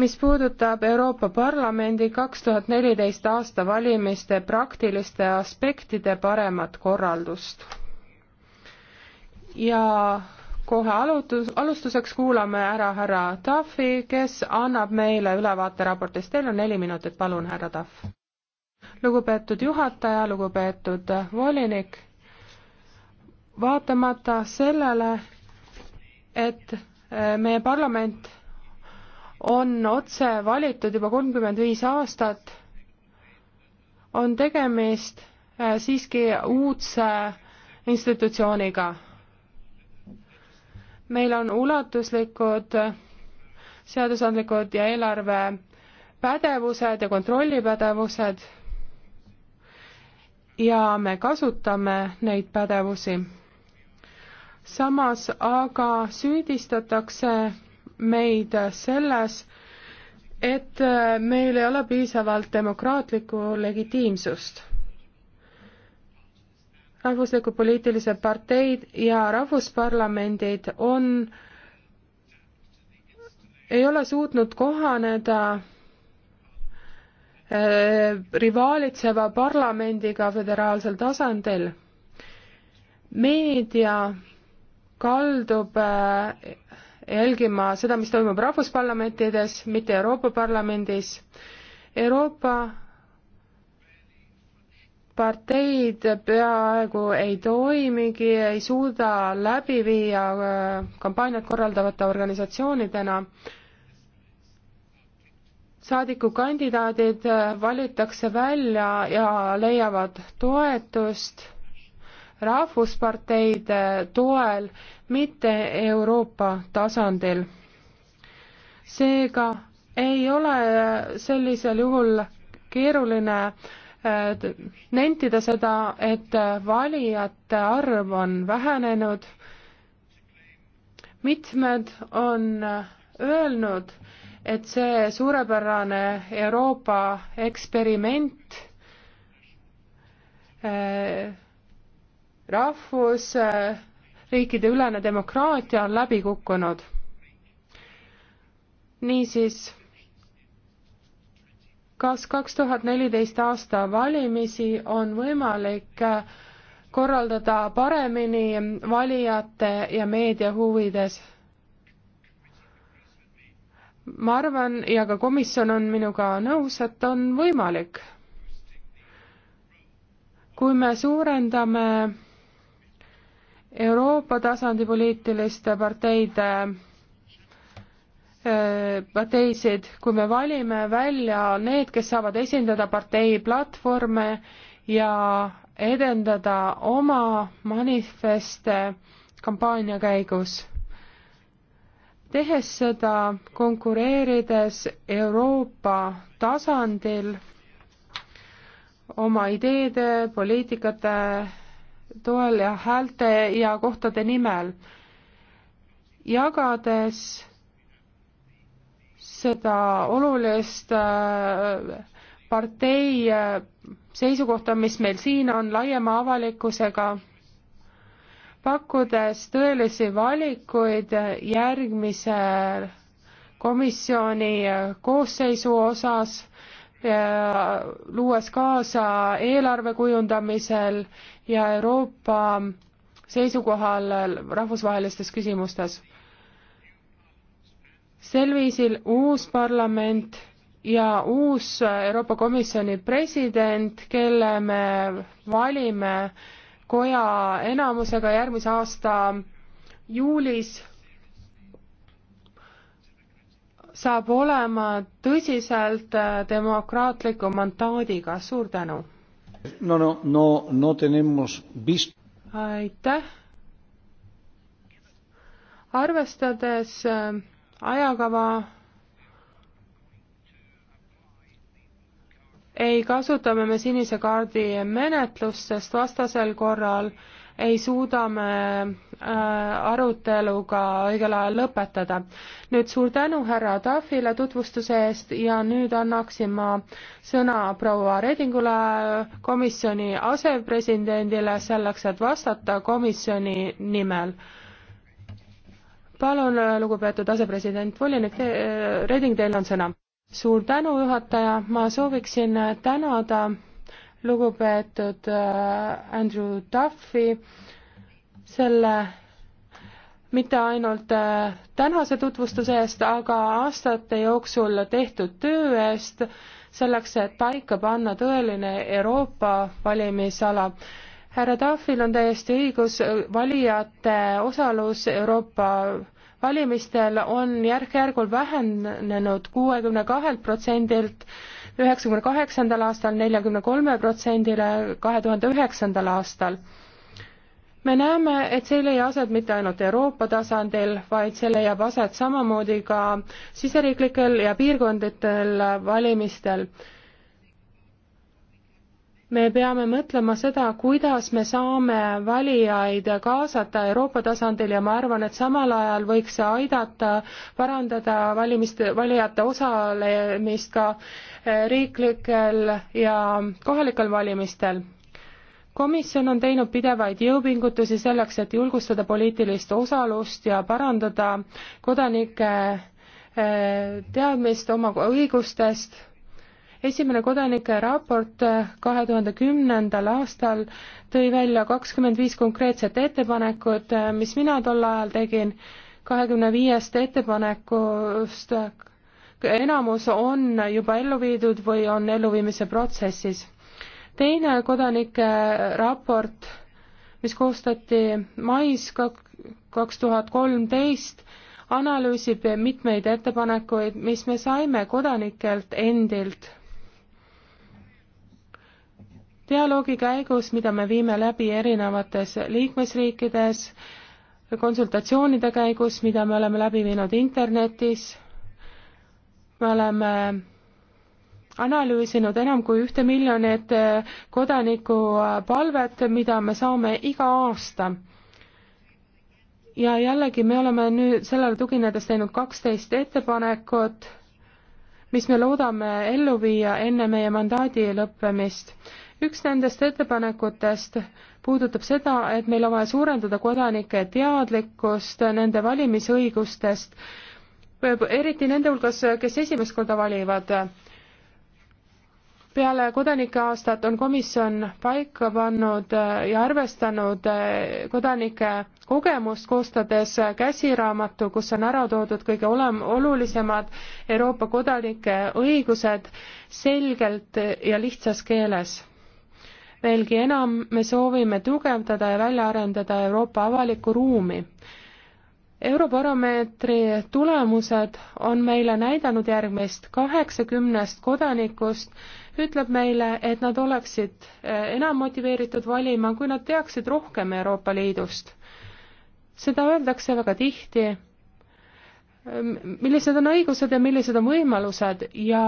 mis puudutab Euroopa Parlamendi kaks tuhat neliteist aasta valimiste praktiliste aspektide paremat korraldust. ja kohe alutus, alustuseks kuulame ära härra Tafi, kes annab meile ülevaate raportist. Teil on neli minutit, palun, härra Tahv. lugupeetud juhataja, lugupeetud volinik, vaatamata sellele, et eh, meie parlament on otse valitud juba kolmkümmend viis aastat, on tegemist äh, siiski uudse institutsiooniga. meil on ulatuslikud seadusandlikud ja eelarve pädevused ja kontrollipädevused ja me kasutame neid pädevusi. samas aga süüdistatakse meid selles, et meil ei ole piisavalt demokraatlikku legitiimsust. rahvuslikud poliitilised parteid ja rahvusparlamendid on, ei ole suutnud kohaneda äh, rivaalitseva parlamendiga föderaalsel tasandil. meedia kaldub äh, jälgima seda, mis toimub rahvusparlamentides, mitte Euroopa Parlamendis. Euroopa parteid peaaegu ei toimigi, ei suuda läbi viia äh, kampaaniat korraldavate organisatsioonidena. saadikukandidaadid äh, valitakse välja ja leiavad toetust rahvusparteide toel, mitte Euroopa tasandil. seega ei ole sellisel juhul keeruline äh, nentida seda, et valijate arv on vähenenud. mitmed on öelnud, et see suurepärane Euroopa eksperiment äh, rahvusriikide ülene demokraatia on läbi kukkunud. niisiis, kas kaks tuhat neliteist aasta valimisi on võimalik korraldada paremini valijate ja meedia huvides? ma arvan ja ka komisjon on minuga nõus, et on võimalik. kui me suurendame Euroopa tasandi poliitiliste parteide äh, parteisid, kui me valime välja need, kes saavad esindada partei platvorme ja edendada oma manifeste kampaania käigus. tehes seda konkureerides Euroopa tasandil oma ideede, poliitikate toel ja häälte ja kohtade nimel, jagades seda olulist äh, partei äh, seisukohta, mis meil siin on laiema avalikkusega, pakkudes tõelisi valikuid järgmise komisjoni äh, koosseisu osas luues kaasa eelarve kujundamisel ja Euroopa seisukohal rahvusvahelistes küsimustes. sel viisil uus parlament ja uus Euroopa Komisjoni president, kelle me valime koja enamusega järgmise aasta juulis saab olema tõsiselt äh, demokraatliku mandaadiga, suur tänu. no no no no tenemos vist-. aitäh. arvestades äh, ajakava ei kasuta me sinise kaardi menetlust, sest vastasel korral ei suuda me äh, arutelu ka õigel ajal lõpetada. nüüd suur tänu härra Tahvile tutvustuse eest ja nüüd annaksin ma sõna proua Redingule, komisjoni asepresidendile, selleks et vastata komisjoni nimel. palun, lugupeetud asepresident, volinik te, äh, Reding, teil on sõna. suur tänu, juhataja, ma sooviksin tänada lugupeetud äh, Andrew Duffy selle mitte ainult äh, tänase tutvustuse eest, aga aastate jooksul tehtud töö eest, selleks, et paika panna tõeline Euroopa valimisala. härra Tahvil on täiesti õigus, valijate osalus Euroopa valimistel on järk-järgul vähenenud kuuekümne kahelt protsendilt üheksakümne kaheksandal aastal neljakümne kolme protsendile kahe tuhande üheksandal aastal. me näeme, et see ei leia aset mitte ainult Euroopa tasandil, vaid see leiab aset samamoodi ka siseriiklikel ja piirkondlikel valimistel me peame mõtlema seda, kuidas me saame valijaid kaasata Euroopa tasandil ja ma arvan, et samal ajal võiks see aidata parandada valimiste, valijate osalemist ka eh, riiklikel ja kohalikel valimistel komisjon on teinud pidevaid jõupingutusi selleks, et julgustada poliitilist osalust ja parandada kodanike eh, teadmist oma õigustest esimene kodanike raport äh, kahe tuhande kümnendal aastal tõi välja kakskümmend viis konkreetset ettepanekut, äh, mis mina tol ajal tegin, kahekümne viiest ettepanekust äh, enamus on juba ellu viidud või on elluviimise protsessis. teine kodanike raport, mis koostati mais kaks tuhat kolmteist, analüüsib mitmeid ettepanekuid, mis me saime kodanikelt endilt dialoogi käigus, mida me viime läbi erinevates liikmesriikides, konsultatsioonide käigus, mida me oleme läbi viinud internetis, me oleme analüüsinud enam kui ühte miljonit eh, kodaniku eh, palvet, mida me saame iga aasta. ja jällegi, me oleme nüüd sellele tuginedes teinud kaksteist ettepanekut, mis me loodame ellu viia enne meie mandaadi lõppemist üks nendest ettepanekutest puudutab seda, et meil on vaja suurendada kodanike teadlikkust nende valimisõigustest, eriti nende hulgas, kes esimest korda valivad. peale kodanikeaastat on komisjon paika pannud ja arvestanud kodanike kogemust, koostades käsiraamatu, kus on ära toodud kõige olem-, olulisemad Euroopa kodanike õigused selgelt ja lihtsas keeles veelgi enam, me soovime tugevdada ja välja arendada Euroopa avalikku ruumi. Eurobaromeetri tulemused on meile näidanud järgmist, kaheksakümnest kodanikust ütleb meile, et nad oleksid eh, enam motiveeritud valima, kui nad teaksid rohkem Euroopa Liidust. seda öeldakse väga tihti Ehm, millised on õigused ja millised on võimalused ja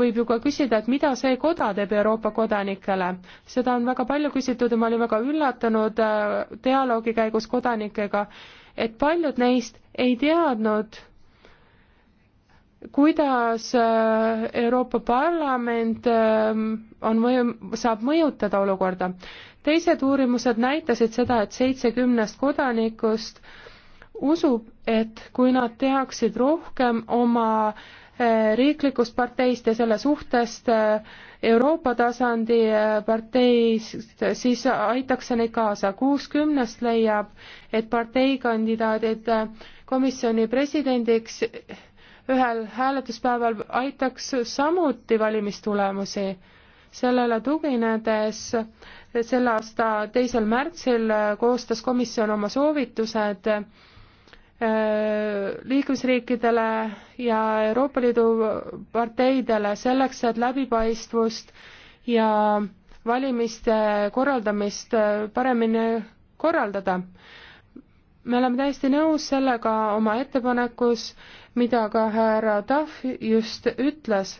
võib ju ka küsida, et mida see koda teeb Euroopa kodanikele. seda on väga palju küsitud ja ma olin väga üllatunud äh, dialoogi käigus kodanikega, et paljud neist ei teadnud, kuidas äh, Euroopa Parlament ähm, on mõju, saab mõjutada olukorda. teised uurimused näitasid seda, et seitsekümnest kodanikust äh, usub, et kui nad teaksid rohkem oma eh, riiklikust parteist ja selle suhtest eh, Euroopa tasandi eh, parteist, siis aitaks see neid kaasa. kuuskümnest leiab, et parteikandidaadid komisjoni presidendiks ühel hääletuspäeval aitaks samuti valimistulemusi. sellele tuginedes selle aasta teisel märtsil koostas komisjon oma soovitused Äh, liikmesriikidele ja Euroopa Liidu parteidele selleks, et läbipaistvust ja valimiste korraldamist äh, paremini korraldada. me oleme täiesti nõus sellega oma ettepanekus, mida ka härra Tahv just ütles.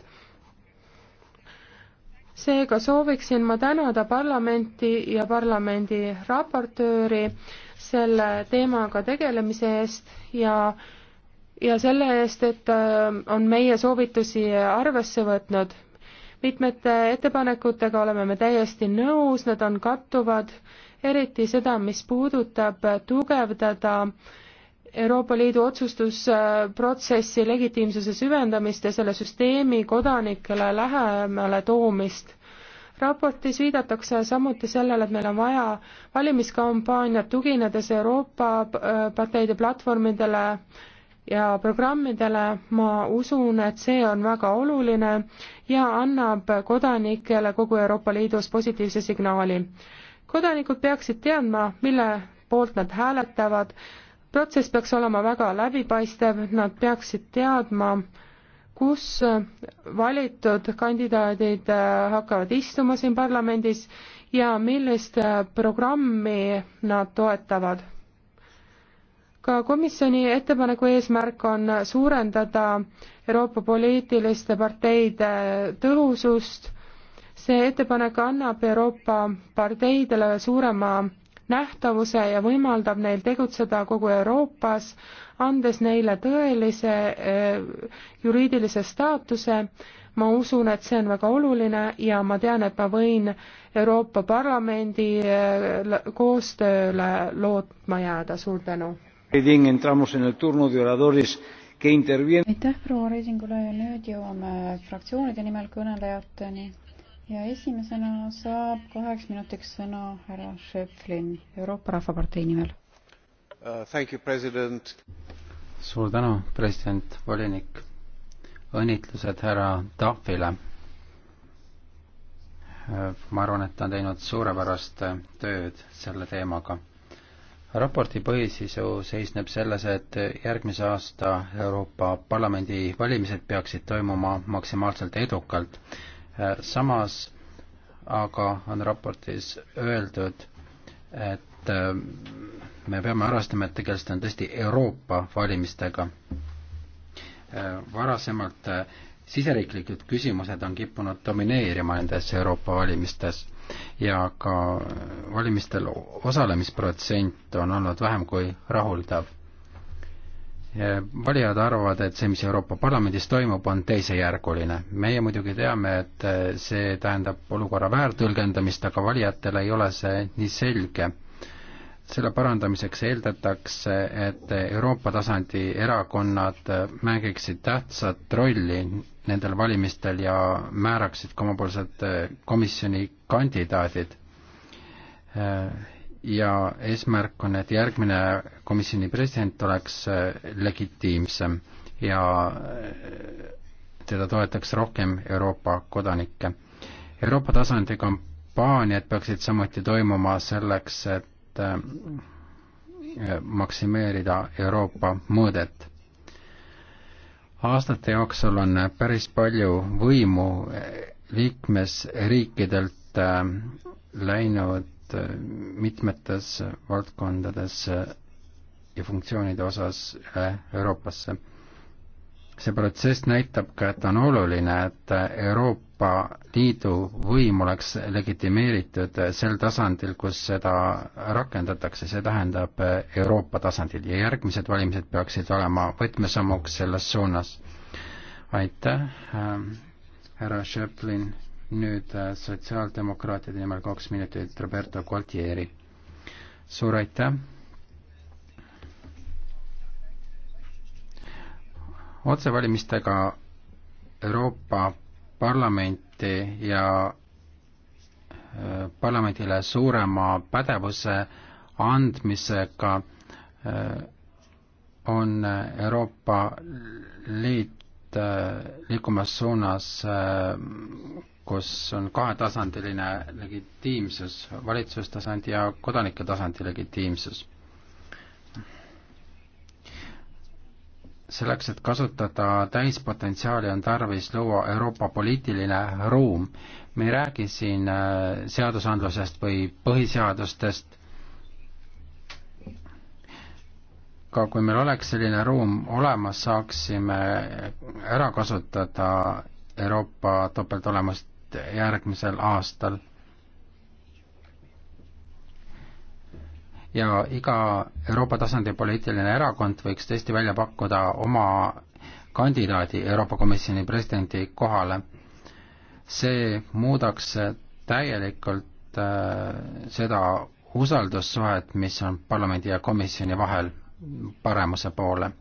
seega sooviksin ma tänada parlamenti ja parlamendi raportööri äh, selle teemaga tegelemise eest ja, ja selle eest, et äh, on meie soovitusi arvesse võtnud. mitmete ettepanekutega oleme me täiesti nõus, nad on kattuvad, eriti seda, mis puudutab tugevdada Euroopa Liidu otsustusprotsessi legitiimsuse süvendamist ja selle süsteemi kodanikele lähemale toomist raportis viidatakse samuti sellele, et meil on vaja valimiskampaaniat, tuginedes Euroopa äh, parteide platvormidele ja programmidele, ma usun, et see on väga oluline ja annab kodanikele kogu Euroopa Liidus positiivse signaali. kodanikud peaksid teadma, mille poolt nad hääletavad, protsess peaks olema väga läbipaistev, nad peaksid teadma, kus äh, valitud kandidaadid äh, hakkavad istuma siin parlamendis ja millist äh, programmi nad toetavad. ka komisjoni ettepaneku eesmärk on suurendada Euroopa poliitiliste parteide tõhusust, see ettepanek annab Euroopa parteidele suurema nähtavuse ja võimaldab neil tegutseda kogu Euroopas, andes neile tõelise eh, juriidilise staatuse. ma usun, et see on väga oluline ja ma tean, et ma võin Euroopa Parlamendi eh, koostööle lootma jääda, suur tänu. aitäh proua Reisingule ja nüüd jõuame fraktsioonide nimel kõnelejateni ja esimesena saab kaheks minutiks sõna härra Šeflin Euroopa Rahvapartei nimel uh,. Thank you, president. suur tänu, president, volinik. õnnitlused härra Tahvile. Uh, ma arvan, et ta on teinud suurepärast uh, tööd selle teemaga raporti põhisisu seisneb selles, et järgmise aasta Euroopa Parlamendi valimised peaksid toimuma maksimaalselt edukalt Äh, samas aga on raportis öeldud, et äh, me peame arvestama, et tegelikult on tõesti Euroopa valimistega. Äh, varasemalt siseriiklikud küsimused on kippunud domineerima nendes Euroopa valimistes ja ka valimistel osalemisprotsent on olnud vähem kui rahuldav valijad arvavad, et see, mis Euroopa Parlamendis toimub, on teisejärguline. meie muidugi teame, et äh, see tähendab olukorra väärtõlgendamist, aga valijatele ei ole see nii selge. selle parandamiseks eeldatakse, et Euroopa tasandi erakonnad äh, mängiksid tähtsat rolli nendel valimistel ja määraksid ka omapoolsed äh, komisjoni kandidaadid ja eesmärk on, et järgmine komisjoni president oleks äh, legitiimsem ja äh, teda toetaks rohkem Euroopa kodanikke. Euroopa tasandi kampaaniad peaksid samuti toimuma selleks, et äh, maksimeerida Euroopa mõõdet. aastate jooksul on päris palju võimu liikmesriikidelt läinud et äh, mitmetes valdkondades ja funktsioonide osas äh, Euroopasse. see protsess näitab ka, et on oluline, et Euroopa Liidu võim oleks legitimeeritud sel tasandil, kus seda rakendatakse, see tähendab Euroopa tasandil ja järgmised valimised peaksid olema võtmesammuks selles suunas. aitäh, äh, härra Šeplin nüüd äh, sotsiaaldemokraatide nimel kaks minutit Roberto Gualtieri. suur aitäh. otsevalimistega Euroopa Parlamenti ja äh, parlamendile suurema pädevuse andmisega äh, on Euroopa Liit liikumas suunas kus on kahetasandiline legitiimsus, valitsustasand ja kodanike tasandi legitiimsus. selleks, et kasutada täispotentsiaali, on tarvis luua Euroopa poliitiline ruum. me ei räägi siin äh, seadusandlusest või põhiseadustest, ka kui meil oleks selline ruum olemas, saaksime ära kasutada Euroopa topeltolemust miljonit järgmisel aastal. ja iga Euroopa tasandi poliitiline erakond võiks tõesti välja pakkuda oma kandidaadi Euroopa Komisjoni presidendi kohale. see muudaks täielikult äh, seda usaldussuhet, mis on parlamendi ja komisjoni vahel paremuse poole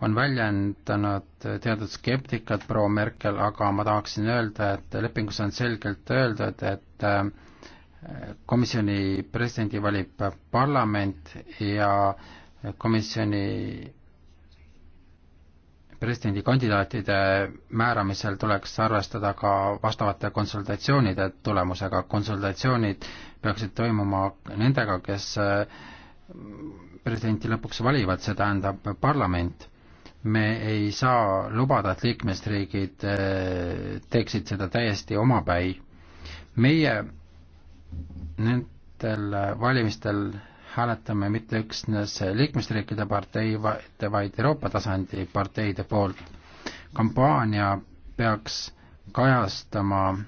on väljendanud teatud skeptikat proua Merkel, aga ma tahaksin öelda, et lepingus on selgelt öeldud, et äh, komisjoni presidendi valib parlament ja komisjoni presidendikandidaatide määramisel tuleks arvestada ka vastavate konsultatsioonide tulemusega. konsultatsioonid peaksid toimuma nendega, kes äh, presidenti lõpuks valivad, see tähendab parlament me ei saa lubada, et liikmesriigid äh, teeksid seda täiesti omapäi. meie nendel äh, valimistel hääletame mitte üksnes liikmesriikide partei, vaid Euroopa tasandi parteide poolt. kampaania peaks kajastama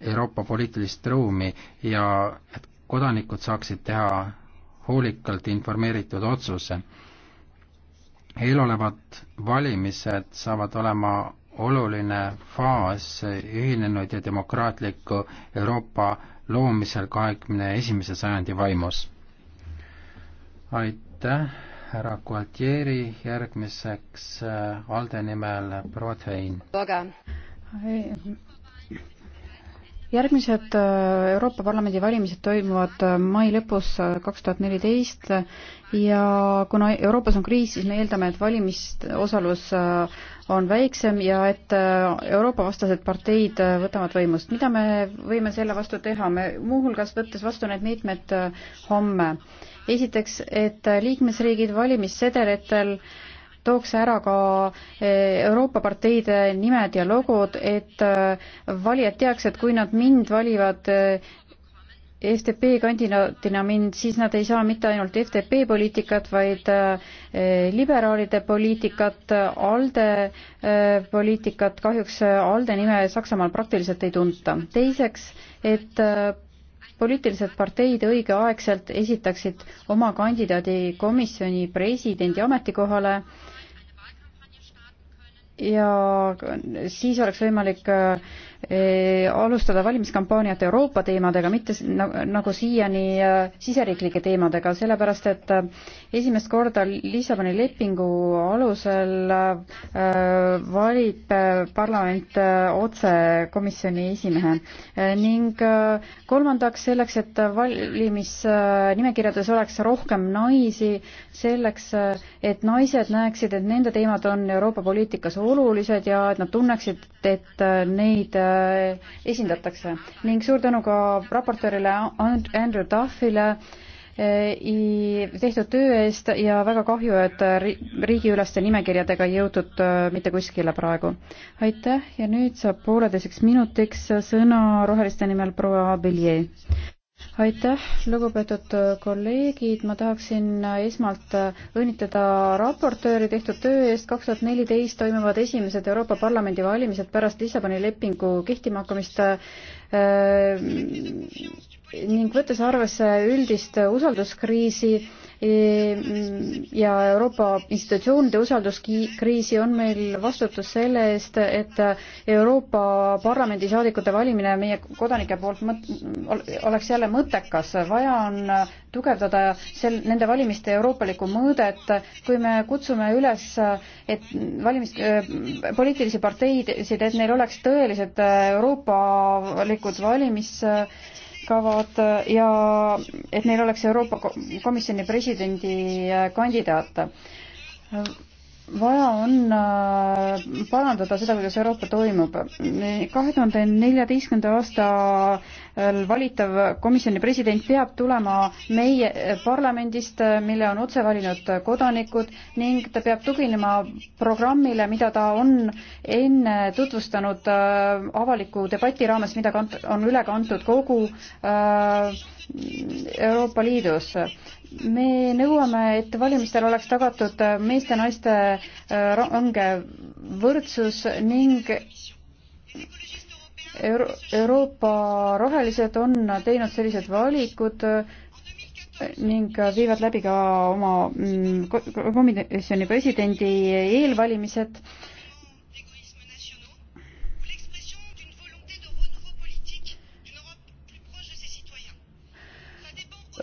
Euroopa poliitilist ruumi ja et kodanikud saaksid teha hoolikalt informeeritud otsuse. eelolevad valimised saavad olema oluline faas ühinenud ja demokraatliku Euroopa loomisel kahekümne esimese sajandi vaimus. aitäh, härra Gualtieri, järgmiseks äh, Alde nimel protein järgmised äh, Euroopa Parlamendi valimised toimuvad äh, mai lõpus äh, kaks tuhat neliteist ja kuna Euroopas on kriis, siis me eeldame, et valimisosalus on väiksem ja et Euroopa-vastased parteid võtavad võimust. mida me võime selle vastu teha? me muuhulgas võttes vastu need meetmed homme. esiteks, et liikmesriigid valimissedelitel äh, tooks ära ka eh, Euroopa parteide nimed ja logod, et eh, valijad teaks, et kui nad mind valivad eh, FDP kandidaadina mind, siis nad ei saa mitte ainult FDP poliitikat, vaid liberaalide poliitikat, ALDE poliitikat, kahjuks ALDE nime Saksamaal praktiliselt ei tunta. teiseks, et poliitilised parteid õigeaegselt esitaksid oma kandidaadi komisjoni presidendi ametikohale äh, ja siis oleks võimalik äh, Eh, alustada valimiskampaaniat Euroopa teemadega, mitte nagu siiani eh, siseriiklike teemadega, sellepärast et eh, esimest korda Lissaboni lepingu alusel valib parlament otse komisjoni esimehe ning kolmandaks selleks, et valimisnimekirjades oleks rohkem naisi, selleks, et naised näeksid, et nende teemad on Euroopa poliitikas olulised ja et nad tunneksid, et neid Äh, esindatakse ning suur tänu ka raportöörile Andrew Duffile äh, tehtud töö eest ja väga kahju, et riigiüleste nimekirjadega ei jõutud äh, mitte kuskile praegu. aitäh ja nüüd saab pooleteiseks minutiks sõna roheliste nimel proua Abelier aitäh, lugupeetud kolleegid, ma tahaksin esmalt õnnitleda raportööri tehtud töö eest. kaks tuhat neliteist toimuvad esimesed Euroopa Parlamendi valimised pärast Lissaboni lepingu kehtima hakkamist äh, ning võttes arvesse üldist usalduskriisi E, ja Euroopa institutsioonide usalduskriisi on meil vastutus selle eest, et Euroopa Parlamendi saadikute valimine meie kodanike poolt mõt-, oleks jälle mõttekas. vaja on tugevdada sel-, nende valimiste euroopalikku mõõdet, kui me kutsume üles, et valimis-, e, poliitilisi parteisid, et neil oleks tõelised euroopalikud valimis- kavad äh, ja et neil oleks Euroopa Komisjoni presidendi äh, kandidaat. vaja on äh, parandada seda, kuidas Euroopa toimub. kahe tuhande neljateistkümnenda aasta valitav komisjoni president peab tulema meie eh, parlamendist, eh, mille on otse valinud kodanikud ning ta peab tuginema programmile, mida ta on enne tutvustanud eh, avaliku debati raames, mida on üle kantud kogu Euroopa Liidus me nõuame, et valimistel oleks tagatud meeste ja naiste range võrdsus ning Euro Euroopa rohelised on teinud sellised valikud eh, ning viivad läbi ka oma mm, komisjoni presidendi eelvalimised.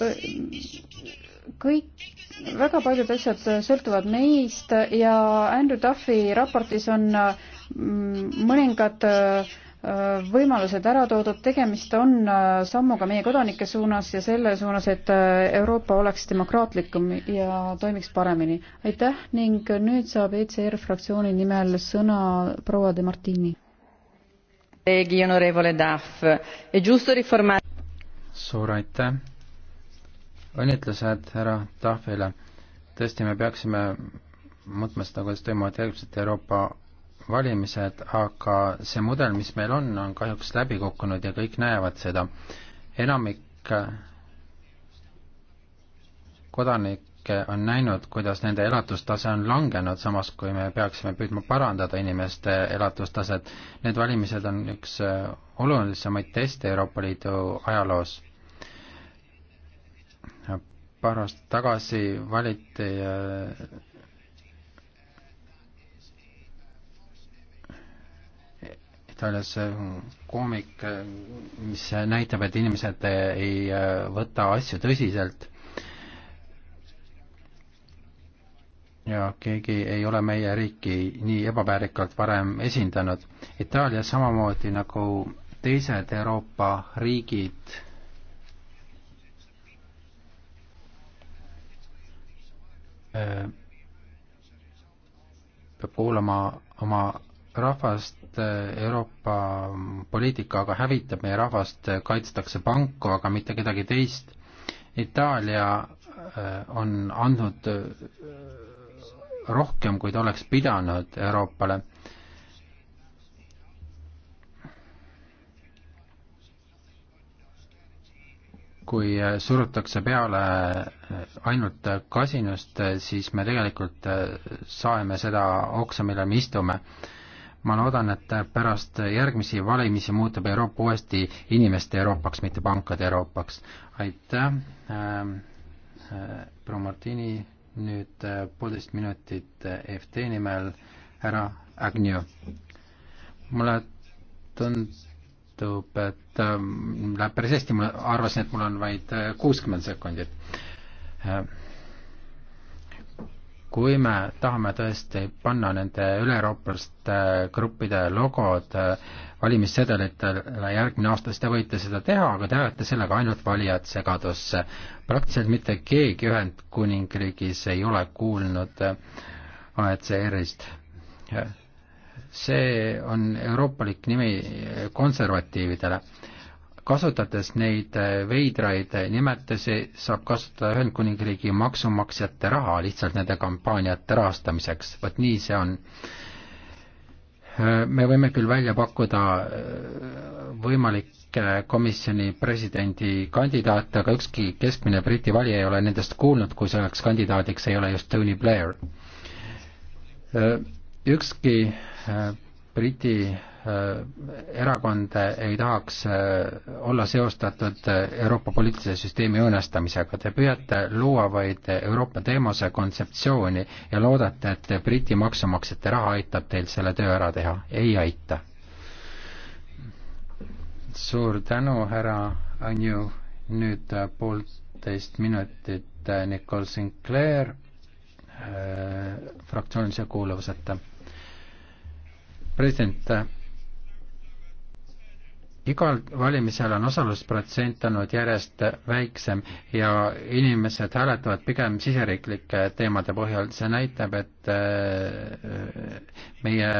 Eh, kõik, väga paljud asjad sõltuvad meist ja Andrew Duffy raportis on mm, mõningad äh, Äh, võimalused ära toodud, tegemist on äh, sammuga meie kodanike suunas ja selle suunas, et äh, Euroopa oleks demokraatlikum ja toimiks paremini. aitäh ning nüüd saab ECR fraktsiooni nimel sõna proua De Martini. suur aitäh, õnnitlused härra Tahvile. tõesti, me peaksime mõtma seda, kuidas toimuvad järgmised Euroopa valimised, aga see mudel, mis meil on, on kahjuks läbi kukkunud ja kõik näevad seda. enamik äh, kodanikke on näinud, kuidas nende elatustase on langenud, samas kui me peaksime püüdma parandada inimeste elatustaset. Need valimised on üks äh, olulisemaid teste Euroopa Liidu ajaloos. paar aastat tagasi valiti äh, ta alles koomik, mis näitab, et inimesed ei äh, võta asju tõsiselt. ja keegi ei ole meie riiki nii ebaväärikalt varem esindanud. Itaalia samamoodi nagu teised Euroopa riigid äh, peab kuulama oma rahvast eh, Euroopa poliitikaga hävitab, meie rahvast eh, kaitstakse panku, aga mitte kedagi teist. Itaalia eh, on andnud rohkem, kui ta oleks pidanud Euroopale. kui surutakse peale ainult kasinust, siis me tegelikult saeme seda oksa, millel me istume ma loodan, et pärast järgmisi valimisi muutub Euroopa uuesti inimeste Euroopaks, mitte pankade Euroopaks. aitäh ähm,, äh, proua Martini, nüüd äh, poolteist minutit EFT äh, nimel, härra Agnew. mulle tundub, et äh, läheb päris hästi, ma arvasin, et mul on vaid äh, kuuskümmend sekundit äh, kui me tahame tõesti panna nende üleeuroopalaste äh, gruppide logod äh, valimissedelitele järgmine aasta, siis te võite seda teha, aga te ajate sellega ainult valijad segadusse. praktiliselt mitte keegi Ühendkuningriigis ei ole kuulnud äh, AECR-ist. see on euroopalik nimi konservatiividele kasutades neid äh, veidraid äh, nimetusi, saab kasutada Ühendkuningriigi maksumaksjate raha lihtsalt nende kampaaniate rahastamiseks, vot nii see on. Äh, me võime küll välja pakkuda võimalikke komisjoni presidendi kandidaate, aga ükski keskmine Briti valija ei ole nendest kuulnud, kui selleks kandidaadiks ei ole just Tony Blair. ükski Briti Äh, erakond ei tahaks äh, olla seostatud äh, Euroopa poliitilise süsteemi õõnestamisega. Te püüate luua vaid Euroopa teemase kontseptsiooni ja loodate, et Briti maksumaksjate raha aitab teil selle töö ära teha. ei aita. suur tänu, härra Anju. nüüd poolteist minutit Nicole Sinclair äh, fraktsioonilise kuuluvuseta. president igal valimisel on osalusprotsent olnud järjest väiksem ja inimesed hääletavad pigem siseriiklike teemade põhjal. see näitab, et äh, meie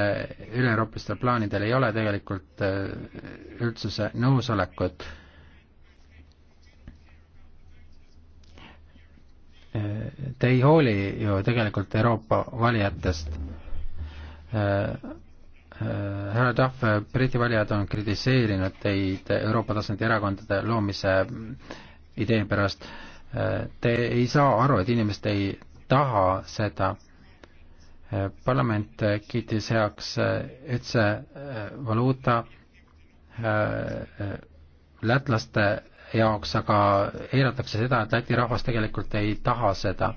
üle-euroopalistel plaanidel ei ole tegelikult äh, üldsuse nõusolekut. Äh, te ei hooli ju tegelikult Euroopa valijatest härra Tahv, Briti valijad on kritiseerinud teid Euroopa tasandi erakondade loomise idee pärast. Te ei saa aru, et inimesed ei taha seda. parlament kiitis heaks üldse äh, valuuta äh, äh, lätlaste jaoks, aga eiratakse seda, et Läti rahvas tegelikult ei taha seda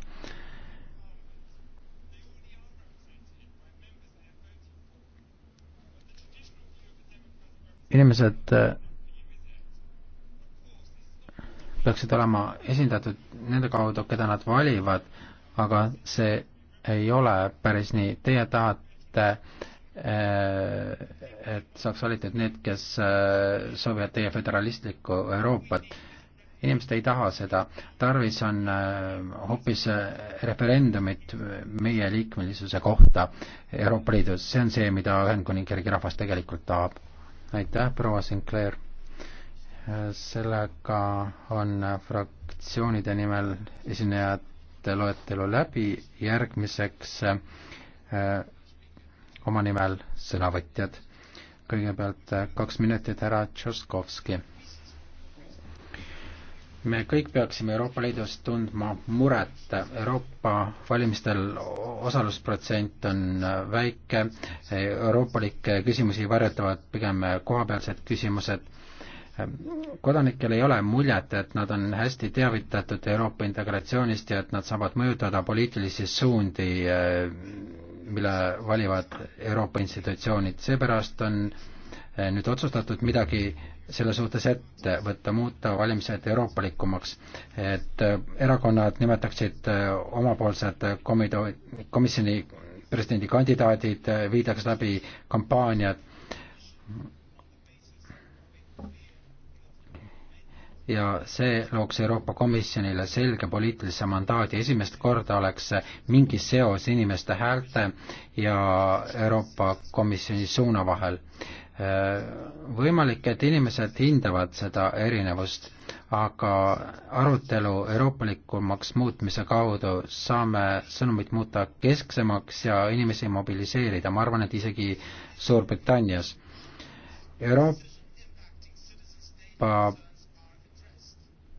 inimesed äh, peaksid olema esindatud nende kaudu, keda nad valivad, aga see ei ole päris nii. Teie tahate, äh, et saaks valitud need, kes äh, soovivad teie föderalistlikku Euroopat. inimesed ei taha seda. tarvis on hoopis referendumit meie liikmelisuse kohta Euroopa Liidus. see on see, mida Ühendkuningriigi rahvas tegelikult tahab aitäh, proua Sinclair. sellega on fraktsioonide nimel esinejate loetelu läbi, järgmiseks äh, oma nimel sõnavõtjad. kõigepealt eh, kaks minutit, härra Tšoskovski me kõik peaksime Euroopa Liidus tundma muret. Euroopa valimistel osalusprotsent on väike, euroopalikke küsimusi varjutavad pigem kohapealsed küsimused. kodanikel ei ole muljet, et nad on hästi teavitatud Euroopa integratsioonist ja et nad saavad mõjutada poliitilisi suundi, mille valivad Euroopa institutsioonid, seepärast on nüüd otsustatud midagi selle suhtes ette võtta, muuta valimised euroopalikumaks, et erakonnad nimetaksid äh, omapoolsed komido-, komisjoni presidendikandidaadid, äh, viidaks läbi kampaaniad ja see looks Euroopa Komisjonile selge poliitilise mandaadi, esimest korda oleks mingi seos inimeste häälte ja Euroopa Komisjoni suuna vahel Äh, võimalik, et inimesed hindavad seda erinevust, aga arutelu euroopalikumaks muutmise kaudu saame sõnumit muuta kesksemaks ja inimesi mobiliseerida, ma arvan, et isegi Suurbritannias. Euroopa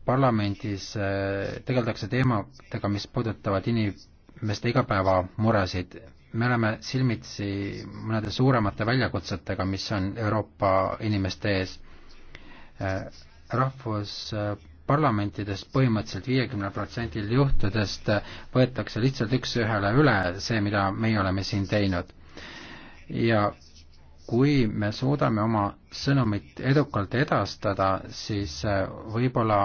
parlamendis äh, tegeldakse teemadega, mis puudutavad inimeste igapäevamuresid me oleme silmitsi mõnede suuremate väljakutsetega, mis on Euroopa inimeste ees. Äh, rahvusparlamentides põhimõtteliselt viiekümnel protsendil juhtudest võetakse lihtsalt üks-ühele üle see, mida meie oleme siin teinud. ja kui me suudame oma sõnumit edukalt edastada, siis äh, võib-olla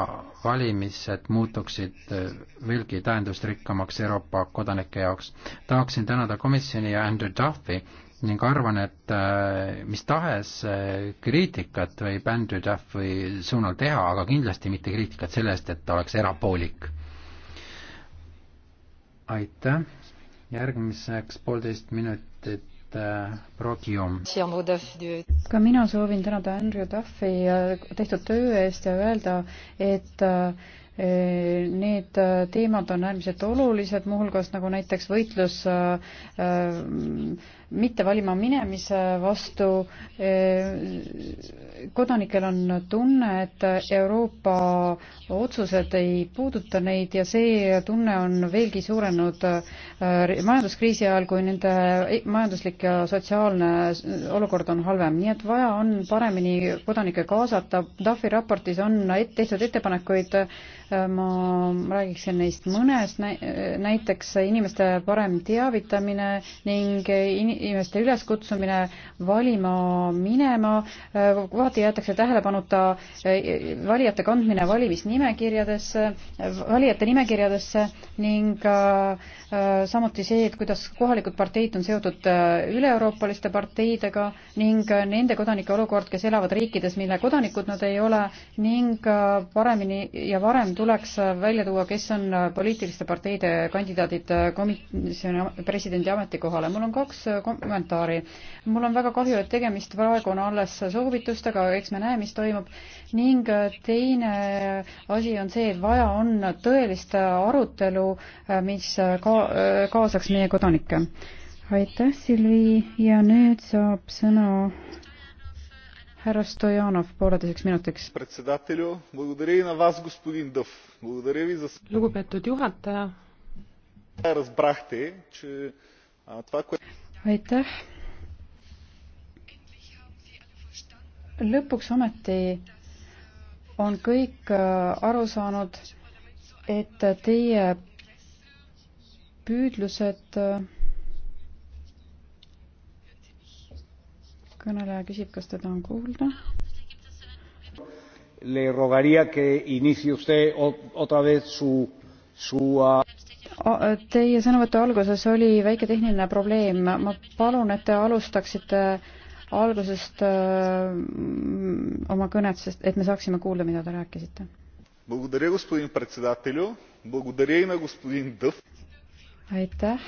valimised muutuksid äh, veelgi tähendusrikkamaks Euroopa kodanike jaoks. tahaksin tänada komisjoni ja Andrew Duffy ning arvan, et äh, mis tahes kriitikat võib Andrew Duffy suunal teha, aga kindlasti mitte kriitikat selle eest, et ta oleks erapoolik. aitäh, järgmiseks poolteist minutit Äh, ka mina soovin tänada Andrew Duffi äh, tehtud töö eest ja öelda, et äh, Need teemad on äärmiselt olulised, muuhulgas nagu näiteks võitlus äh, mitte valima minemise vastu. kodanikel on tunne, et Euroopa otsused ei puuduta neid ja see tunne on veelgi suurenenud äh, majanduskriisi ajal, kui nende majanduslik ja sotsiaalne olukord on halvem, nii et vaja on paremini kodanikke kaasata. DAFi raportis on tehtud ettepanekuid, äh, ma räägiksin neist mõnest, näiteks inimeste parem teavitamine ning in-, inimeste üleskutsumine valima minema, kohati jäetakse tähelepanuta eh, valijate kandmine valimisnimekirjadesse, valijate nimekirjadesse ning eh, samuti see, et kuidas kohalikud parteid on seotud eh, üle-euroopaliste parteidega ning nende kodanike olukord, kes elavad riikides, mille kodanikud nad ei ole ning paremini ja varem tuleks välja tuua, kes on poliitiliste parteide kandidaadid komisjoni presidendi ametikohale. mul on kaks kommentaari. mul on väga kahju, et tegemist praegu on alles soovitustega, eks me näe, mis toimub. ning äh, teine asi on see, et vaja on tõelist arutelu, äh, mis äh, ka kaasaks meie kodanikke. aitäh, Silvi ja nüüd saab sõna härra Stojanov pooleteiseks minutiks. lugupeetud juhataja aitäh. lõpuks ometi on kõik äh, aru saanud, et teie püüdlused äh, kõneleja küsib, kas teda on kuulda. Le rogaría que inicie usted otra vez su su uh... Teie sõnavõtu alguses oli väike tehniline probleem. ma palun, et te alustaksite algusest öö, äh, mm, oma kõnet, sest et me saaksime kuulda, mida te rääkisite. aitäh.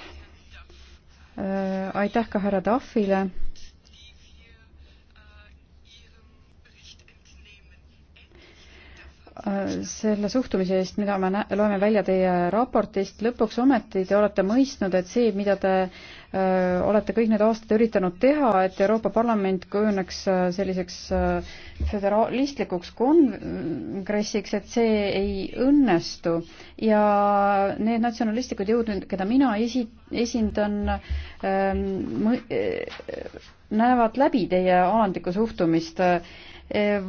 Äh, aitäh ka härra Tahvile selle suhtumise eest, mida me loeme välja teie raportist. lõpuks ometi te olete mõistnud, et see, mida te öö, olete kõik need aastad üritanud teha, et Euroopa Parlament kujuneks selliseks föderalistlikuks kongressiks, et see ei õnnestu. ja need natsionalistlikud jõud, keda mina esi-, esindan, näevad läbi teie alandlikku suhtumist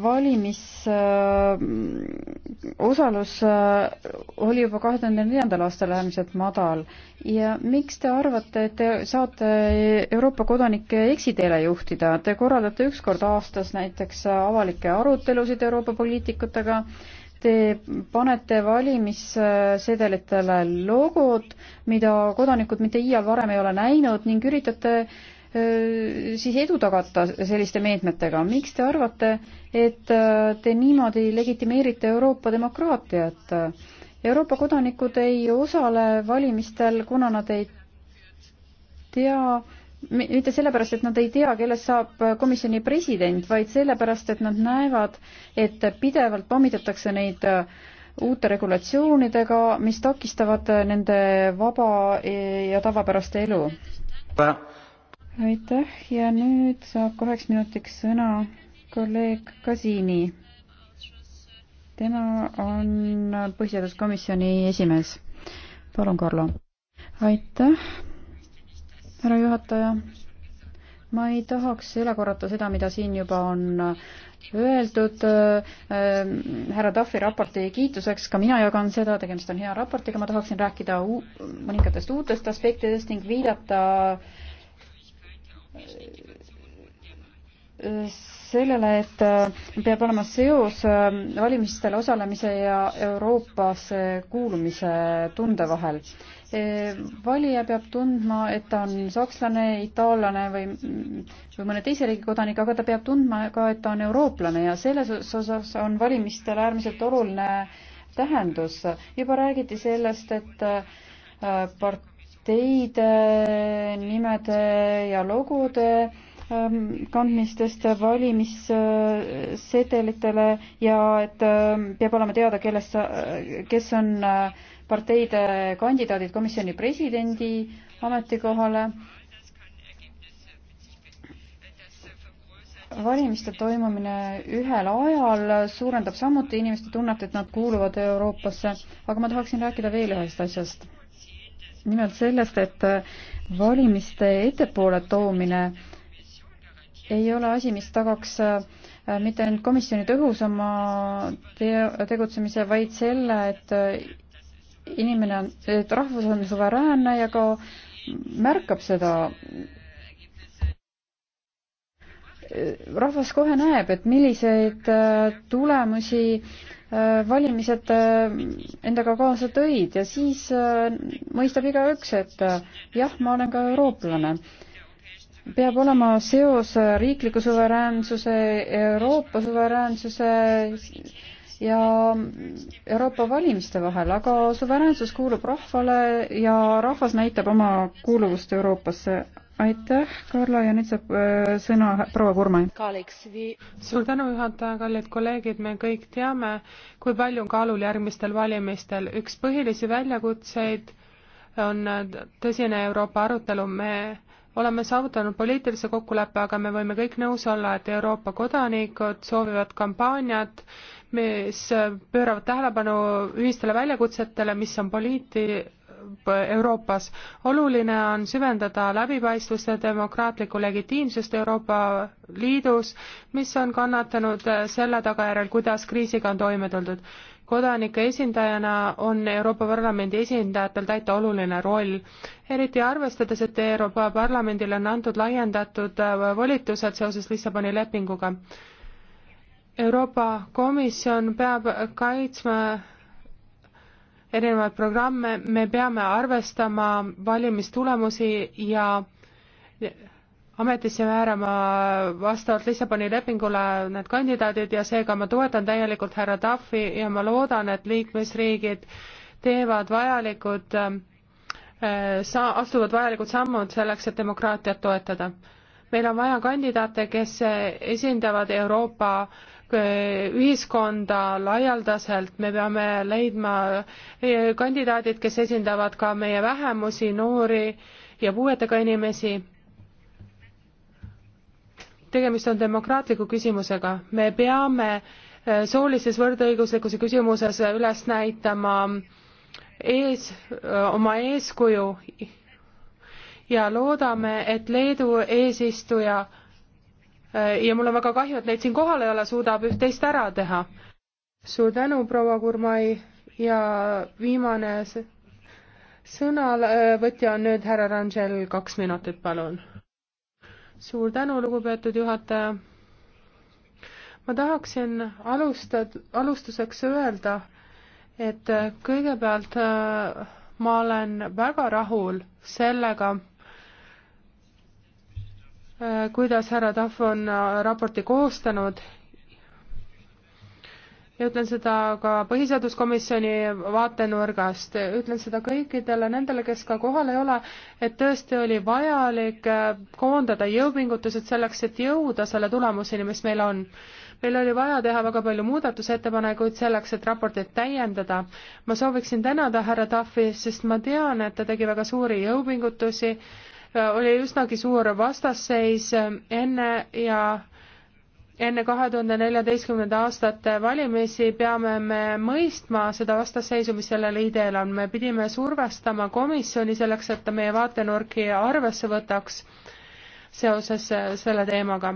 valimisosalus äh, äh, oli juba kahe tuhande neljandal aastal äärmiselt madal ja miks te arvate, et te saate Euroopa kodanikke eksiteele juhtida, te korraldate üks kord aastas näiteks avalikke arutelusid Euroopa poliitikutega, te panete valimissedelitele logod, mida kodanikud mitte iial varem ei ole näinud ning üritate äh, siis edu tagata selliste meetmetega? miks te arvate, et äh, te niimoodi legitimeerite Euroopa demokraatiat? Euroopa kodanikud ei osale valimistel, kuna nad ei tea, mitte sellepärast, et nad ei tea, kellest saab komisjoni president, vaid sellepärast, et nad näevad, et pidevalt pommitatakse neid äh, uute regulatsioonidega, mis takistavad äh, nende vaba ja tavapärast elu aitäh ja nüüd saab kaheks minutiks sõna kolleeg Kasiini. tema on põhiseaduskomisjoni esimees. palun, Karlo. aitäh, härra juhataja. ma ei tahaks üle korrata seda, mida siin juba on öeldud ähm, härra Taffi raporti kiituseks, ka mina jagan seda, tegemist on hea raportiga, ma tahaksin rääkida mõningatest uutest aspektidest ning viidata äh, sellele, et äh, peab olema seos äh, valimistel osalemise ja Euroopasse kuulumise tunde vahel. Äh, valija peab tundma, et ta on sakslane, itaallane või, või mõne teise riigi kodanik, aga ta peab tundma ka, et ta on eurooplane ja selles osas on valimistel äärmiselt oluline tähendus. juba räägiti sellest, et part-, parteide äh, nimede ja logode ähm, kandmistest valimissedelitele ja et ähm, peab olema teada, kellest, äh, kes on äh, parteide kandidaadid komisjoni presidendi ametikohale. valimiste toimumine ühel ajal suurendab samuti inimeste tunnet, et nad kuuluvad Euroopasse, aga ma tahaksin rääkida veel ühest asjast nimelt sellest, et äh, valimiste ettepoole toomine ei ole asi, mis tagaks äh, mitte ainult komisjoni tõhusama te tegutsemise, vaid selle, et äh, inimene on, et rahvus on suveräänne ja ka märkab seda. rahvas kohe näeb, et milliseid tulemusi äh, valimised äh, endaga kaasa tõid ja siis äh, mõistab igaüks, et äh, jah, ma olen ka eurooplane. peab olema seos riikliku suveräänsuse, Euroopa suveräänsuse ja Euroopa valimiste vahel, aga suveräänsus kuulub rahvale ja rahvas näitab oma kuuluvust Euroopasse aitäh, Karla ja nüüd saab äh, sõna proua Kurmai. suur tänu, juhataja, kallid kolleegid, me kõik teame, kui palju on kaalul järgmistel valimistel. üks põhilisi väljakutseid on äh, tõsine Euroopa arutelu, me oleme saavutanud poliitilise kokkuleppe, aga me võime kõik nõus olla, et Euroopa kodanikud soovivad kampaaniat, mis pööravad tähelepanu ühistele väljakutsetele, mis on poliiti-, Euroopas. oluline on süvendada läbipaistvust ja demokraatlikku legitiimsust Euroopa Liidus, mis on kannatanud selle tagajärjel, kuidas kriisiga on toime tuldud. kodanike esindajana on Euroopa Parlamendi esindajatel täita oluline roll, eriti arvestades, et Euroopa Parlamendile on antud laiendatud volitused seoses Lissaboni lepinguga Euroopa Komisjon peab kaitsma erinevaid programme, me peame arvestama valimistulemusi ja ametisse määrama vastavalt Lissaboni lepingule need kandidaadid ja seega ma toetan täielikult härra Tafi ja ma loodan, et liikmesriigid teevad vajalikud äh, sa-, astuvad vajalikud sammud selleks, et demokraatiat toetada. meil on vaja kandidaate, kes esindavad Euroopa äh, ühiskonda laialdaselt, me peame leidma eh, kandidaadid, kes esindavad ka meie vähemusi, noori ja puuetega inimesi. tegemist on demokraatliku küsimusega, me peame eh, soolises võrdõiguslikkuse küsimuses üles näitama ees, eh, oma eeskuju ja loodame, et Leedu eesistuja Äh, ja mul on väga kahju, et neid siin kohal ei ole, suudab üht-teist ära teha. suur tänu, proua Kurmai ja viimane sõnavõtja äh, on nüüd härra Rangel, kaks minutit, palun. suur tänu, lugupeetud juhataja. ma tahaksin alustad, alustuseks öelda, et kõigepealt äh, ma olen väga rahul sellega, Äh, kuidas härra Tahv on äh, raporti koostanud ja ütlen seda ka põhiseaduskomisjoni vaatenurgast, ütlen seda kõikidele nendele, kes ka kohal ei ole, et tõesti oli vajalik äh, koondada jõupingutused selleks, et jõuda selle tulemuseni, mis meil on. meil oli vaja teha väga palju muudatusettepanekuid selleks, et raportit täiendada. ma sooviksin tänada härra Tahvi, sest ma tean, et ta tegi väga suuri jõupingutusi oli üsnagi suur vastasseis enne ja enne kahe tuhande neljateistkümnenda aastate valimisi peame me mõistma seda vastasseisu, mis sellel ideel on. me pidime survestama komisjoni selleks, et ta meie vaatenurki arvesse võtaks seoses selle teemaga.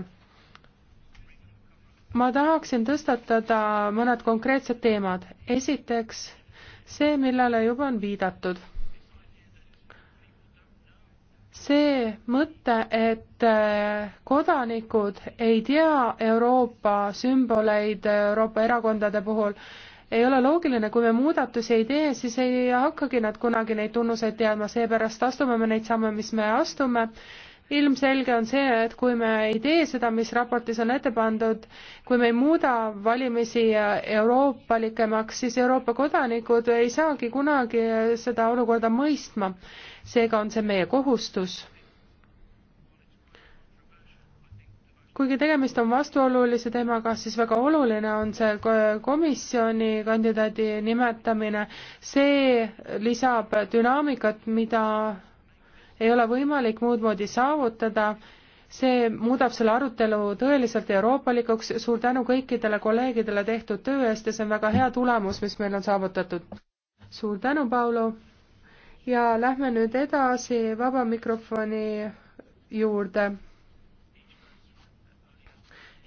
ma tahaksin tõstatada mõned konkreetsed teemad. esiteks see, millele juba on viidatud see mõte, et äh, kodanikud ei tea Euroopa sümboleid äh, Euroopa erakondade puhul, ei ole loogiline, kui me muudatusi ei tee, siis ei hakkagi nad kunagi neid tunnuseid teadma, seepärast astume me neid samme, mis me astume ilmselge on see, et kui me ei tee seda, mis raportis on ette pandud, kui me ei muuda valimisi euroopalikemaks, siis Euroopa kodanikud ei saagi kunagi seda olukorda mõistma. seega on see meie kohustus. kuigi tegemist on vastuolulise teemaga, siis väga oluline on see komisjoni kandidaadi nimetamine, see lisab dünaamikat, mida ei ole võimalik muud moodi saavutada, see muudab selle arutelu tõeliselt euroopalikuks, suur tänu kõikidele kolleegidele tehtud töö eest ja see on väga hea tulemus, mis meil on saavutatud. suur tänu, Paulo, ja lähme nüüd edasi vaba mikrofoni juurde.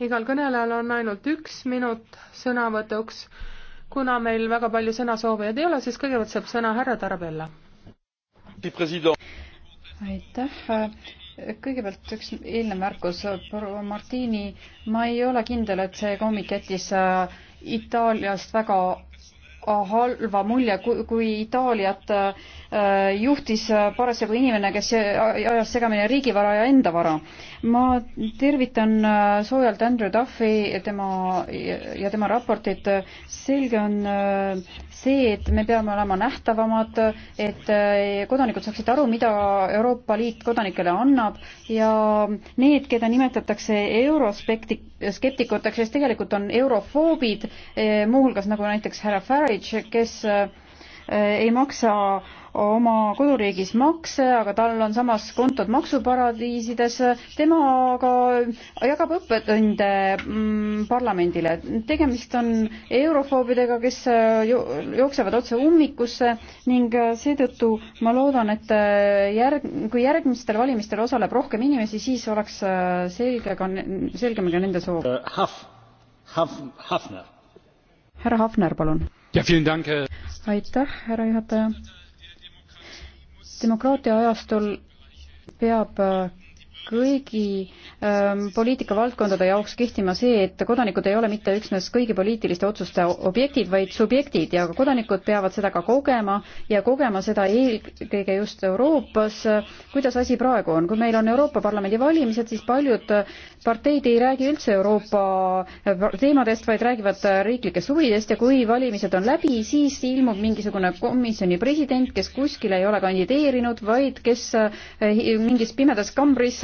igal kõnelejal on ainult üks minut sõnavõtuks. kuna meil väga palju sõnasoovijaid ei ole, siis kõigepealt saab sõna härra Tarabella. president aitäh kõigepealt üks eelnev märkus, proua Martini, ma ei ole kindel, et see koomik jättis äh, Itaaliast väga äh, halva mulje, kui Itaaliat äh, Äh, juhtis äh, parasjagu inimene, kes äh, ajas segamini riigivara ja enda vara. ma tervitan soojalt Andrew Duffy ja tema ja tema raportit. selge on see, et me peame olema nähtavamad, et kodanikud saaksid aru, mida Euroopa Liit kodanikele annab ja need, keda nimetatakse eurospekti-, skeptikuteks, kes tegelikult on eurofoobid, muuhulgas nagu näiteks härra Farage, kes ei maksa äh, oma koduriigis makse, aga tal on samas kontod maksuparadiisides. tema aga jagab õppetunde mm, parlamendile. tegemist on eurofoobidega, kes äh, jooksevad otse ummikusse ning äh, seetõttu ma loodan, et äh, järg, kui järgmistel valimistel osaleb rohkem inimesi, siis oleks selge ka, selgem ka nende soov. härra Hafner, palun. aitäh, härra juhataja demokraatia ajastul peab äh, kõigi ähm, poliitikavaldkondade jaoks kehtima see, et kodanikud ei ole mitte üksnes kõigi poliitiliste otsuste objektid, vaid subjektid ja kodanikud peavad seda ka kogema ja kogema seda eelkõige just Euroopas. kuidas asi praegu on, kui meil on Euroopa Parlamendi valimised, siis paljud parteid ei räägi üldse Euroopa teemadest, vaid räägivad riiklikest huvidest ja kui valimised on läbi, siis ilmub mingisugune komisjoni president, kes kuskil ei ole kandideerinud, vaid kes äh, mingis pimedas kambris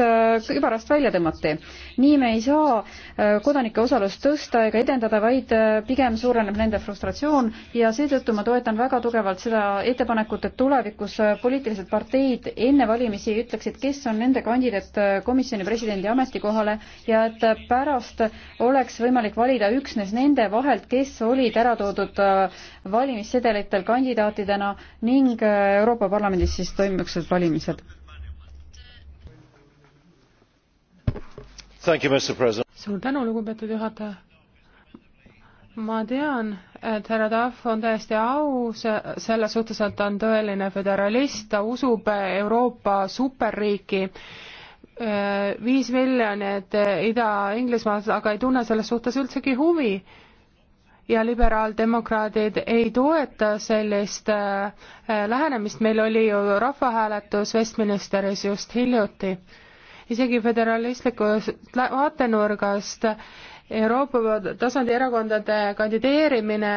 kübarast äh, välja tõmmati. nii me ei saa äh, kodanike osalust tõsta ega edendada, vaid äh, pigem suureneb nende frustratsioon ja seetõttu ma toetan väga tugevalt seda ettepanekut, et tulevikus poliitilised parteid enne valimisi ütleksid, kes on nende kandidaat komisjoni presidendi ametikohale ja et pärast oleks võimalik valida üksnes nende vahelt, kes olid ära toodud valimissedelitel kandidaatidena ning Euroopa Parlamendis siis toimuksid valimised suur tänu, lugupeetud juhataja. ma tean, et härra Tahv on täiesti aus selles suhtes, et ta on tõeline föderalist, ta usub Euroopa superriiki viis miljonit Ida-Inglismaal, aga ei tunne selles suhtes üldsegi huvi. ja liberaaldemokraadid ei toeta sellist äh, lähenemist, meil oli ju rahvahääletus Westminsteris just hiljuti isegi föderalistlikust vaatenurgast Euroopa tasandi erakondade kandideerimine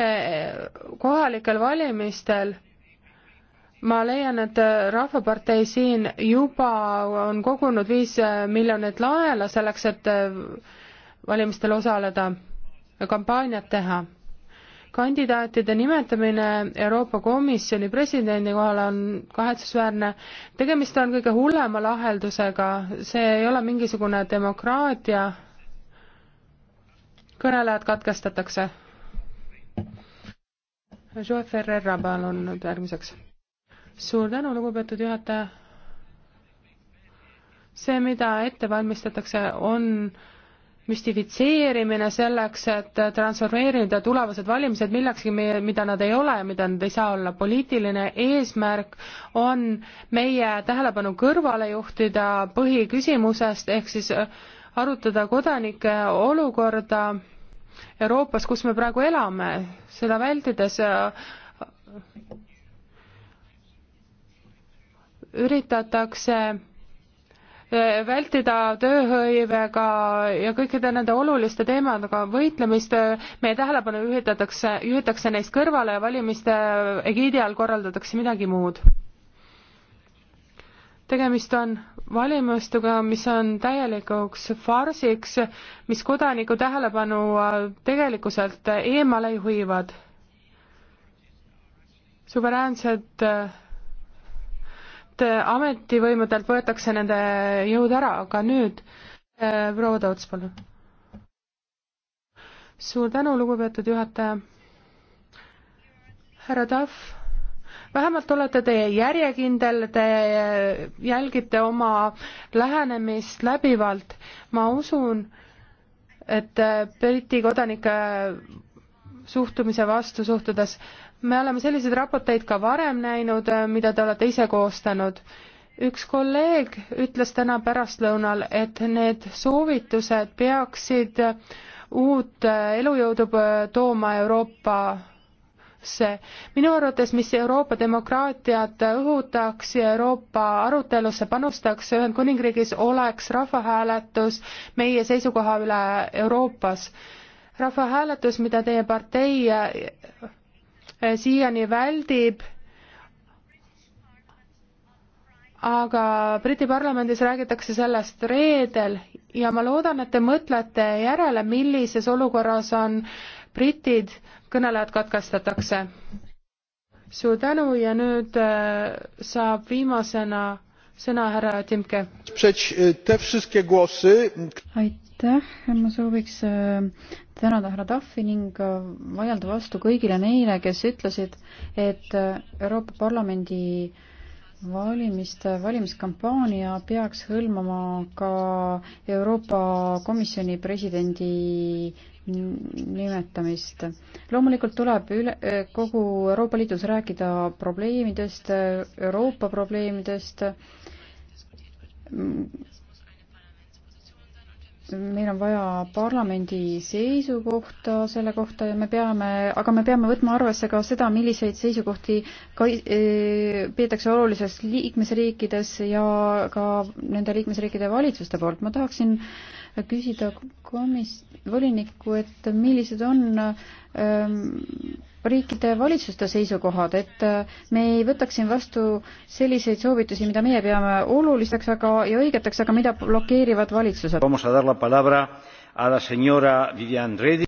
eh, kohalikel valimistel ma leian, et Rahvapartei siin juba on kogunud viis miljonit laela selleks, et eh, valimistel osaleda ja kampaaniat teha kandidaatide nimetamine Euroopa Komisjoni presidendi kohale on kahetsusväärne. tegemist on kõige hullema laheldusega, see ei ole mingisugune demokraatia. kõnelejad katkestatakse. Joe Ferreira, palun nüüd järgmiseks. suur tänu, lugupeetud juhataja. see, mida ette valmistatakse, on müstifitseerimine selleks, et transformeerida tulevased valimised millekski, mida nad ei ole, mida nad ei saa olla. poliitiline eesmärk on meie tähelepanu kõrvale juhtida põhiküsimusest, ehk siis äh, arutada kodanike olukorda Euroopas, kus me praegu elame, seda vältides äh, üritatakse vältida tööhõivega ja kõikide nende oluliste teemadega võitlemist, meie tähelepanu juhitakse, juhitakse neist kõrvale ja valimiste egiidi all korraldatakse midagi muud. tegemist on valimistega, mis on täielikuks farsiks, mis kodaniku tähelepanu tegelikkuselt eemale juhivad. suveräänsed Äh, ametivõimudelt võetakse nende jõud ära, aga nüüd äh, proua Toots, palun. suur tänu, lugupeetud juhataja. härra Tahv, vähemalt olete te järjekindel, te äh, jälgite oma lähenemist läbivalt. ma usun, et Briti kodanike suhtumise vastu suhtudes me oleme selliseid raporteid ka varem näinud, äh, mida te olete ise koostanud. üks kolleeg ütles täna pärastlõunal, et need soovitused peaksid uut äh, elujõudu äh, tooma Euroopasse. minu arvates, mis Euroopa demokraatiat õhutaks ja Euroopa arutelusse panustaks Ühendkuningriigis, oleks rahvahääletus meie seisukoha üle Euroopas. rahvahääletus, mida teie partei Äh, siiani väldib aga Briti parlamendis räägitakse sellest reedel ja ma loodan, et te mõtlete järele, millises olukorras on britid, kõnelejad katkestatakse. suur tänu ja nüüd äh, saab viimasena sõna härra Timke. aitäh, ma sooviks tänada härra Taffi ning äh, vaielda vastu kõigile neile, kes ütlesid, et äh, Euroopa Parlamendi valimiste, valimiskampaania peaks hõlmama ka Euroopa Komisjoni presidendi nimetamist. loomulikult tuleb üle, äh, kogu Euroopa Liidus rääkida probleemidest, Euroopa probleemidest, meil on vaja parlamendi seisukohta selle kohta ja me peame, aga me peame võtma arvesse ka seda, milliseid seisukohti ka, e, peetakse olulises liikmesriikides ja ka nende liikmesriikide valitsuste poolt. ma tahaksin küsida komis-, volinikku, et millised on ähm, riikide valitsuste seisukohad, et äh, me ei võtaks siin vastu selliseid soovitusi, mida meie peame olulisteks, aga, ja õigeteks, aga mida blokeerivad valitsused.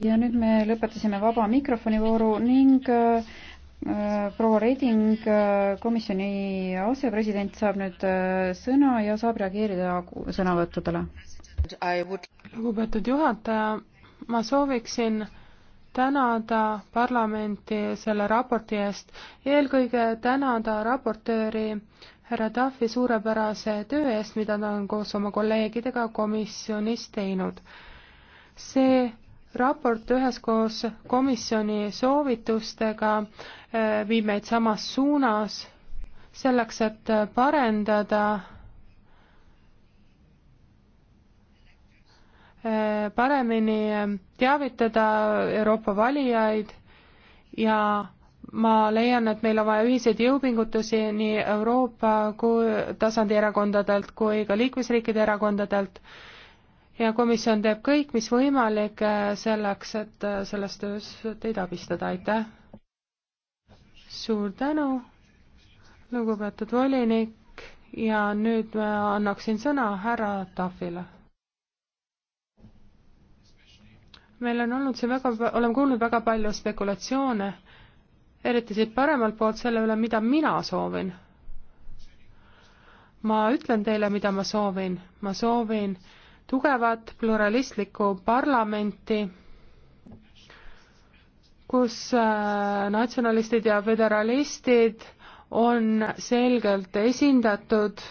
ja nüüd me lõpetasime vaba mikrofoni vooru ning äh, äh proua Reding, äh, komisjoni asepresident saab nüüd sõna ja saab reageerida sõnavõttudele. lugupeetud juhataja, ma sooviksin tänada parlamenti selle raporti eest, eelkõige tänada raportööri härra Tahvi suurepärase töö eest, mida ta on koos oma kolleegidega komisjonis teinud. see raport üheskoos komisjoni soovitustega eh, viib meid samas suunas selleks, et parendada paremini teavitada Euroopa valijaid ja ma leian, et meil on vaja ühiseid jõupingutusi nii Euroopa kui tasandi erakondadelt kui ka liikmesriikide erakondadelt ja komisjon teeb kõik, mis võimalik äh, selleks, et äh, selles töös teid abistada, aitäh! suur tänu, lugupeetud volinik ja nüüd ma annaksin sõna härra Tahvile meil on olnud see väga, oleme kuulnud väga palju spekulatsioone, eriti siit paremalt poolt selle üle, mida mina soovin. ma ütlen teile, mida ma soovin, ma soovin tugevat pluralistlikku parlamenti, kus äh, natsionalistid ja föderalistid on selgelt esindatud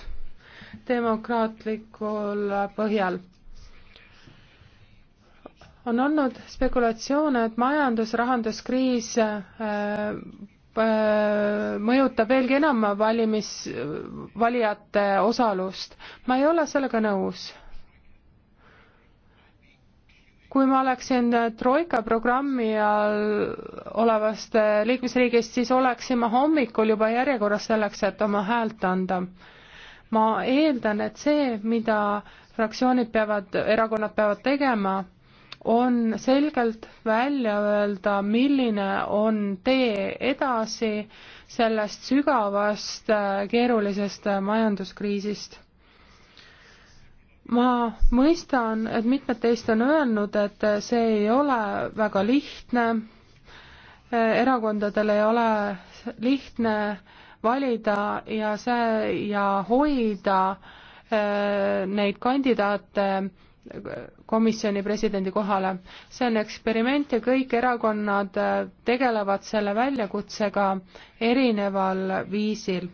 demokraatlikul põhjal on olnud spekulatsioone, et majandus-rahanduskriis äh, äh, mõjutab veelgi enam valimis, valijate osalust. ma ei ole sellega nõus. kui ma oleksin Troika programmi all olevast liikmesriigist, siis oleksin ma hommikul juba järjekorras selleks, et oma häält anda. ma eeldan, et see, mida fraktsioonid peavad, erakonnad peavad tegema, on selgelt välja öelda, milline on tee edasi sellest sügavast äh, keerulisest äh, majanduskriisist. ma mõistan, et mitmed teist on öelnud, et äh, see ei ole väga lihtne, erakondadel ei ole lihtne valida ja see ja hoida neid kandidaate komisjoni presidendi kohale. see on eksperiment ja kõik erakonnad äh, tegelevad selle väljakutsega erineval viisil.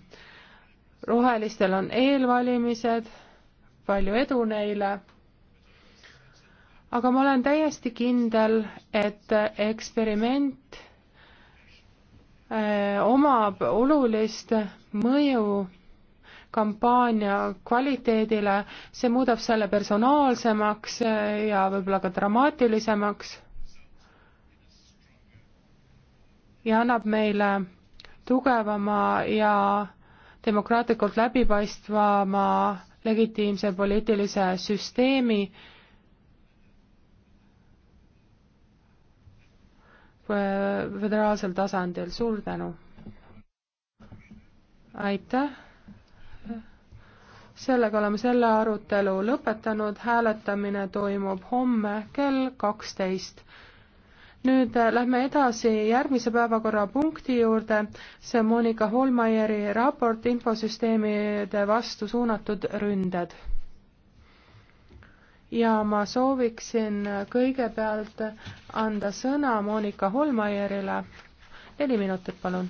rohelistel on eelvalimised, palju edu neile, aga ma olen täiesti kindel, et eksperiment äh, omab olulist mõju kampaania kvaliteedile, see muudab selle personaalsemaks eh, ja võib-olla ka dramaatilisemaks ja annab meile tugevama ja demokraatlikult läbipaistvama legitiimse poliitilise süsteemi, eh, föderaalsel tasandil, suur tänu! aitäh! sellega oleme selle arutelu lõpetanud, hääletamine toimub homme kell kaksteist. nüüd äh, lähme edasi järgmise päevakorrapunkti juurde, see Monika Holmeieri raport infosüsteemide vastu suunatud ründed. ja ma sooviksin kõigepealt anda sõna Monika Holmeierile. neli minutit, palun.